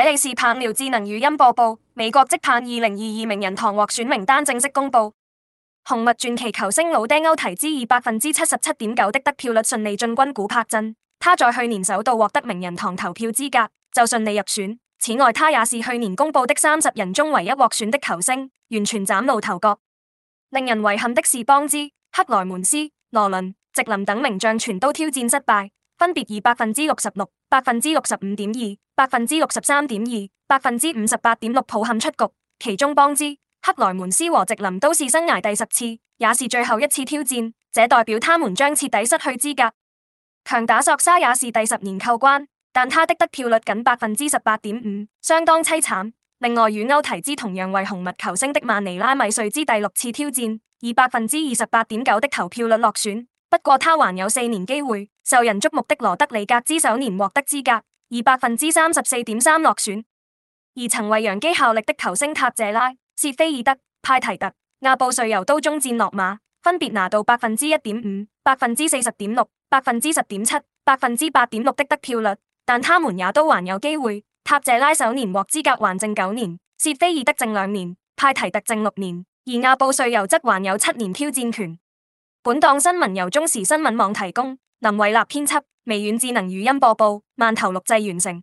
這裡是棒聊智能語音播報。美國職棒二零二二名人堂獲選名單正式公布，紅襪傳奇球星老爹歐提茲以百分之七十七點九的得票率順利進軍古柏鎮。他在去年首度獲得名人堂投票資格，就順利入選。此外，他也是去年公布的三十人中唯一獲選的球星，完全嶄露頭角。令人遺憾的是，邦茲、克萊門斯、羅倫、席林等名將全都挑戰失敗。分別以百分之六十六、百分之六十五點二、百分之六十三點二、百分之五十八點六抱憾出局。其中，邦茲、克萊門斯和席林都是生涯第十次，也是最後一次挑戰，這代表他們將徹底失去資格。強打索沙也是第十年扣關，但他的得票率僅百分之十八點五，相當凄慘。另外，與歐提茲同樣為紅襪球星的曼尼拉米瑞茲第六次挑戰，以百分之二十八點九的投票率落選。不過他還有四年機會。受人矚目的羅德里格之首年獲得資格，以百分之三十四點三落選。而曾為洋基效力的球星塔謝拉、薛菲爾德、派提特、亞布瑞尤都終戰落馬，分別拿到百分之一點五、百分之四十點六、百分之十點七、百分之八點六的得票率，但他們也都還有機會。塔謝拉首年獲資格，還剩九年；薛菲爾德剩兩年；派提特剩六年；而亞布瑞尤則還有七年挑戰權。本檔新聞由中時新聞網提供，林偉立編輯，微軟智能語音播報，饅頭錄製完成。